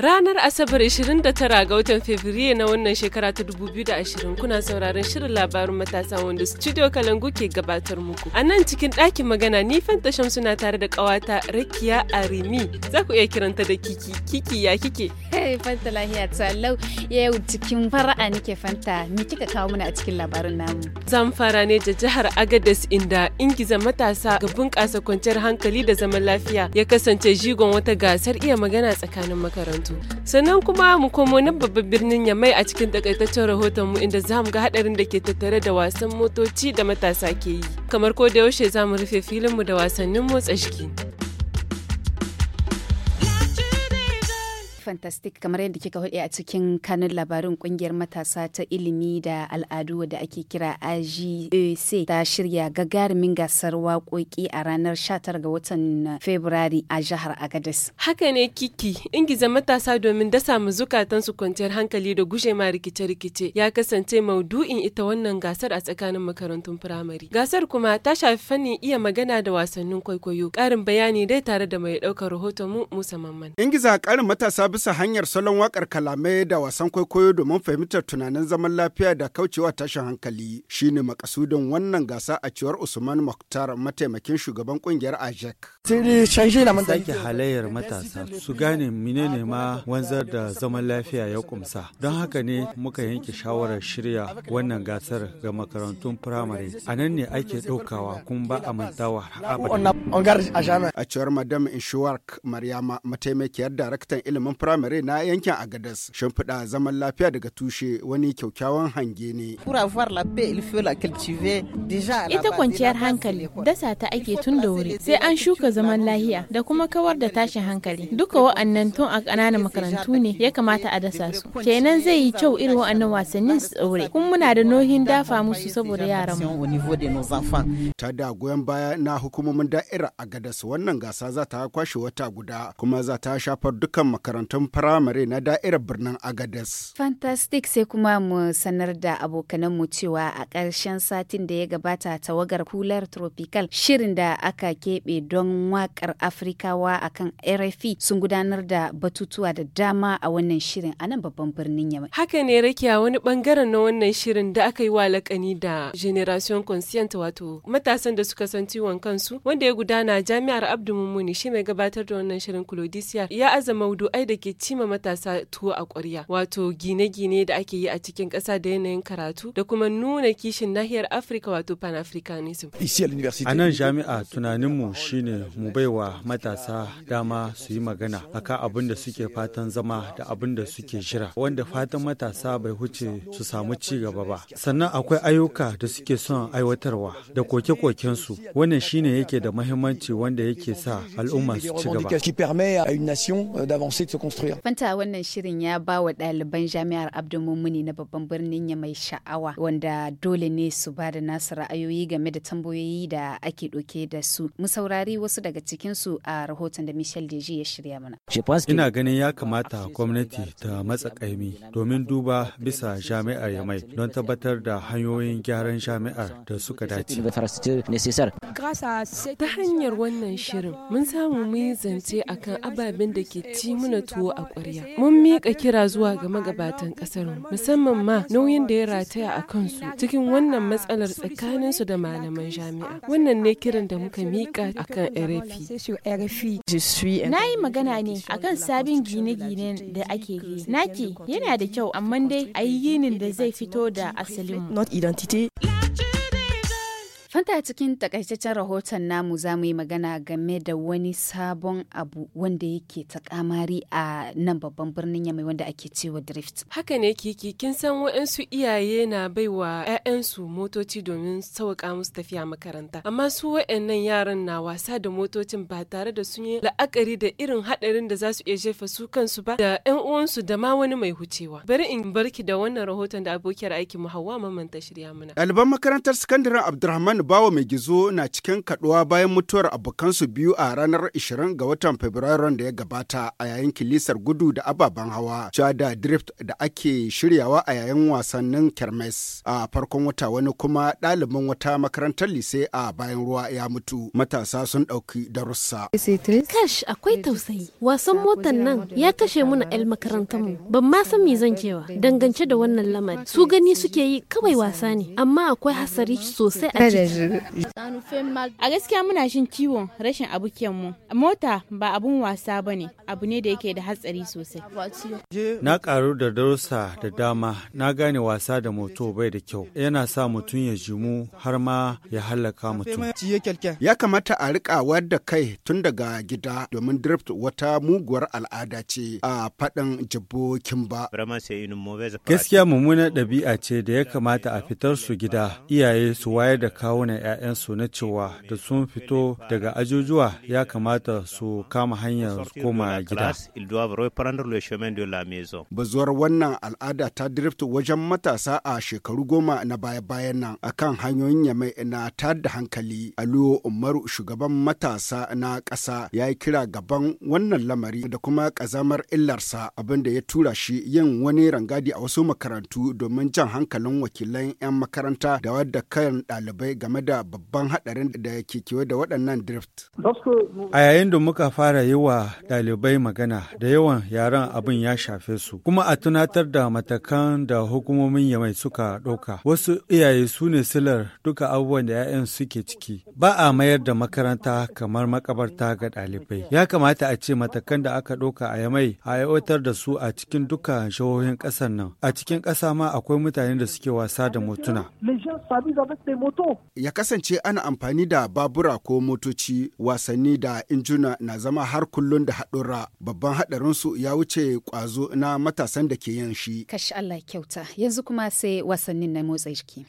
Ranar Asabar 29 ga watan Fabrairu na wannan shekara ta 2020 kuna sauraron shirin labarin matasa wanda Studio Kalangu ke gabatar muku. A nan cikin ɗakin magana ni Fanta suna tare da ƙawata Rakiya Arimi. Za ku iya kiranta da Kiki. Kiki ya kike? Hey Fanta lahiya tsallau. Yau cikin fara'a nike Fanta. Me kika kawo mana a cikin labarin namu? Zan fara ne da jihar Agadez inda ingiza matasa ga bunƙasa kwanciyar hankali da zaman lafiya ya kasance jigon wata gasar iya magana tsakanin makarantu. Sannan kuma mu komo nan babban birnin ya Yamai a cikin takaitaccen rahoton mu inda za mu ga hadarin da ke tattare da wasan motoci da matasa ke yi. Kamar ko da yaushe za mu rufe filin mu da wasannin motsa jiki. fantastic kamar yadda kika hudu a cikin kanun labarin kungiyar matasa ta ilimi da al'adu da ake kira AGEC ta shirya gagarumin gasar waƙoƙi a ranar 19 ga watan Fabrairu a jihar Agadez. Haka ne kiki ingiza matasa domin dasa mu zukatan su kwanciyar hankali da gushe ma rikice-rikice ya kasance maudu'in ita wannan gasar a tsakanin makarantun firamare. Gasar kuma ta shafi fannin iya magana da wasannin kwaikwayo. Ƙarin bayani dai tare da mai ɗaukar rahoton mu Musa Mamman. Ingiza ƙarin matasa bisa hanyar salon wakar kalamai da wasan kwaikwayo domin fahimtar tunanin zaman lafiya da kaucewa tashin hankali shine makasudin wannan gasa a cewar Usman Mukhtar mataimakin shugaban kungiyar AJEC. Sake halayyar matasa su gane menene ma wanzar da zaman lafiya ya kumsa. Don haka ne muka yanke shawarar shirya wannan gasar ga makarantun firamare. A nan ne ake ɗaukawa kuma ba a mantawa a cewar Madam Inshuwark Maryama mataimakiyar daraktan ilimin firamare na yankin Agadas shimfiɗa zaman lafiya daga tushe wani kyaukyawan hange ne. Ita kwanciyar hankali dasa ta ake tun da wuri sai an shuka zaman lahiya da kuma kawar da tashin hankali. Duka wa'annan tun a ƙananan makarantu ne ya kamata a dasa su. Kenan zai yi kyau irin wa'annan wasannin su tsaure. Kun muna da nohin dafa musu saboda yaran mu. Ta da goyon baya na hukumomin da'ira a gadas wannan gasa za ta kwashe wata guda kuma za ta shafar dukkan makarantu. makarantun firamare na da'irar birnin Agadas. Fantastic sai kuma mu sanar da abokananmu cewa a ƙarshen satin da ya gabata tawagar kular tropical shirin da aka keɓe don wakar Afrikawa kan RFI sun gudanar da batutuwa da dama a wannan shirin a nan babban birnin Yamai. Haka ne rakiya wani bangaren na wannan shirin da aka yi wa lakani da Generation Conscient wato matasan da suka san ciwon kansu wanda ya gudana jami'ar Abdu Mummuni shi mai gabatar da wannan shirin Claudiciyar ya azama maudu'ai da ke cima matasa tuwo a ƙwarya wato gine-gine da ake yi a cikin ƙasa da yanayin karatu da kuma nuna kishin nahiyar Afirka wato Pan-Africanism. A nan jami'a tunaninmu shine mu baiwa matasa dama su yi magana akan abin da suke fatan zama da abin da suke jira wanda fatan matasa bai wuce su samu ci gaba ba. Sannan akwai ayyuka da suke son aiwatarwa da koke-kokensu wannan shine yake da mahimmanci wanda yake sa al'umma su ci gaba. construire. Fanta wannan shirin ya ba wa ɗaliban jami'ar Abdulmumuni na babban birnin ya mai sha'awa wanda dole ne su ba da nasu ra'ayoyi game da tambayoyi da ake ɗauke da su. Mu saurari wasu daga cikin su a rahoton da Michel Deji ya shirya mana. Ina ganin ya kamata gwamnati ta matsa ƙaimi domin duba bisa jami'ar ya mai don tabbatar da hanyoyin gyaran jami'ar da suka dace. Ta hanyar wannan shirin mun samu mun yi zance akan ababen da ke ci mana tuwo a ƙwarya. Mun miƙa kira zuwa ga magabatan ƙasar musamman ma nauyin da ya rataya a kansu cikin wannan matsalar tsakanin su da malaman jami'a. Wannan ne kiran da muka miƙa akan RFI. Na yi magana ne akan sabin gine gine da ake yi. Nake yana da kyau amma dai a yi yinin da zai fito da asalin. Fanta cikin takaitaccen rahoton namu za mu yi magana game da wani sabon abu wanda yake ta kamari a nan babban birnin Yamai wanda ake cewa drift. Haka ne kiki kin san waɗansu iyaye na baiwa 'ya'yansu motoci domin sauƙa musu tafiya makaranta. Amma su waɗannan yaran na wasa da motocin ba tare da sun yi la'akari da irin haɗarin da za su iya jefa su kansu ba da 'yan uwansu da ma wani mai hucewa. Bari in barki da wannan rahoton da abokiyar aikin mu hauwa Mamman ta shirya mana. Ɗaliban makarantar sakandaren Abdulrahman Usman Bawa Mai Gizo na cikin kaduwa bayan mutuwar abokansu biyu a ranar 20 ga watan Fabrairun da ya gabata a yayin kilisar gudu da ababen hawa, da drift da ake shiryawa a yayin wasannin kermes. A farkon wata wani kuma ɗalibin wata makarantar lise a bayan ruwa ya mutu. Matasa sun ɗauki darussa. Kash akwai tausayi. Wasan motar nan ya kashe muna 'yan mu Ban ma san me zan cewa dangance da wannan lamari. Su gani suke yi kawai wasa ne, amma akwai hasari sosai a ciki. A gaskiya muna shin ciwon rashin abukiyan mu. Mota ba abun wasa ba ne, abu ne da yake da hatsari sosai. Na karu da darussa da dama, na gane wasa da moto bai da kyau. Yana sa mutum ya jimu har ma ya halaka mutum. Ya kamata a rika wadda kai tun daga gida domin drift wata muguwar al'ada ce a faɗin jibbokin ba. Gaskiya mummunar ɗabi'a ce da ya kamata a fitar su gida, iyaye su wayar da kawo auna 'ya'yansu na cewa da sun fito daga ajujuwa ya kamata su kama hanyar koma gida. Bazuwar wannan al'ada ta drift wajen matasa a shekaru goma na baya-bayan nan kan hanyoyin yamai na tada da hankali. Aliyu Umaru shugaban matasa na ƙasa ya yi kira gaban wannan lamari da kuma ƙazamar illarsa abinda ya tura shi yin wani rangadi a wasu makarantu domin jan hankalin wakilan 'yan makaranta da wadda kan ɗalibai ga. game da babban haɗarin da ke kekewa da waɗannan drift? A yayin da muka fara yi wa ɗalibai magana da yawan yaran abin ya shafe su, kuma a tunatar da matakan da hukumomin yamai suka ɗauka. Wasu iyaye su ne silar duka abubuwan da 'ya'yan suke ciki. Ba a mayar da makaranta kamar makabarta ga ɗalibai. Ya kamata a ce matakan da aka ɗauka a yamai a aiwatar da su a cikin duka jihohin ƙasar nan. A cikin ƙasa ma akwai mutane da suke wasa da motuna. ya kasance ana amfani da babura ko motoci wasanni da injuna na zama har kullun da haɗura babban haɗarinsu ya wuce ƙwazo na matasan da ke yin shi. Kashi Allah kyauta yanzu kuma sai wasannin na motsa jiki.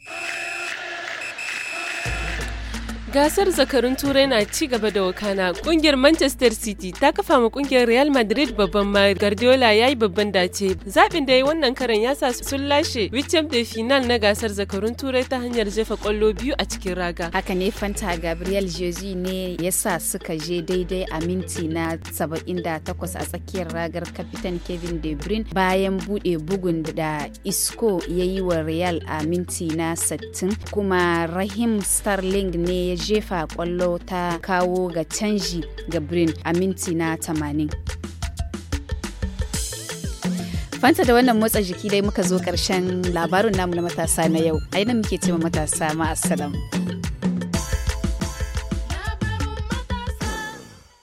Gasar zakarun Turai na ci gaba da wakana. Kungiyar Manchester City ta kafa ma kungiyar Real Madrid babban ma Guardiola ya yi babban dace. Zaɓin da ya wannan karan ya sa sun lashe Wichem da final na gasar zakarun Turai ta hanyar jefa kwallo biyu a cikin raga. Haka ne Fanta Gabriel Jesus ne ya sa suka je daidai a minti na 78 a tsakiyar ragar kapitan Kevin De Bruyne bayan buɗe bugun da Isco ya yi wa Real a minti na 60 kuma Rahim Sterling ne ya jefa kwallo ta kawo ga canji ga birin a minti na tamanin. fanta da wannan motsa jiki dai muka zo karshen labarin namu na matasa na yau a nan muke ma matasa ma assalam